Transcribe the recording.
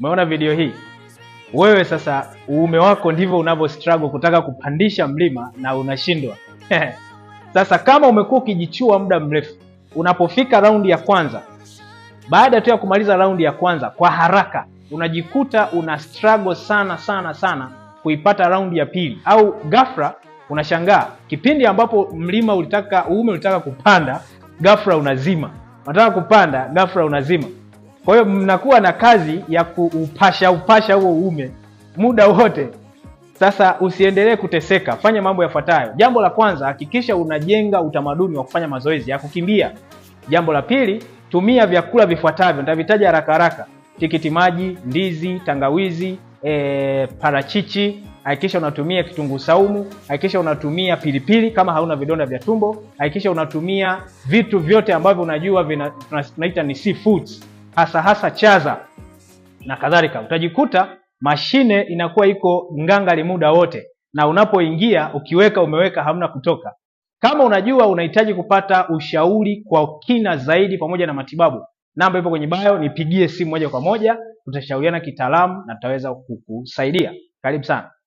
Umeona video hii? Wewe sasa uume wako ndivyo unavyo struggle kutaka kupandisha mlima na unashindwa. Sasa kama umekuwa ukijichua muda mrefu, unapofika raundi ya kwanza, baada tu ya kumaliza raundi ya kwanza kwa haraka, unajikuta una struggle sana sana sana kuipata raundi ya pili, au ghafla unashangaa kipindi ambapo mlima ulitaka uume ulitaka kupanda, ghafla unazima, unataka kupanda ghafla unazima. Kwa hiyo mnakuwa na kazi ya kuupasha upasha huo uume muda wote. Sasa usiendelee kuteseka, fanya mambo yafuatayo. Jambo la kwanza, hakikisha unajenga utamaduni wa kufanya mazoezi ya kukimbia. Jambo la pili, tumia vyakula vifuatavyo, nitavitaja haraka haraka: tikiti maji, ndizi, tangawizi, e, parachichi. Hakikisha unatumia kitunguu saumu, hakikisha unatumia pilipili kama hauna vidonda vya tumbo, hakikisha unatumia vitu vyote ambavyo unajua vina, tunaita ni seafoods hasa hasa chaza na kadhalika, utajikuta mashine inakuwa iko ngangali muda wote, na unapoingia ukiweka umeweka, hamna kutoka. Kama unajua unahitaji kupata ushauri kwa kina zaidi pamoja na matibabu, namba ipo kwenye bayo nipigie simu moja kwa moja, tutashauriana kitaalamu na tutaweza kukusaidia. Karibu sana.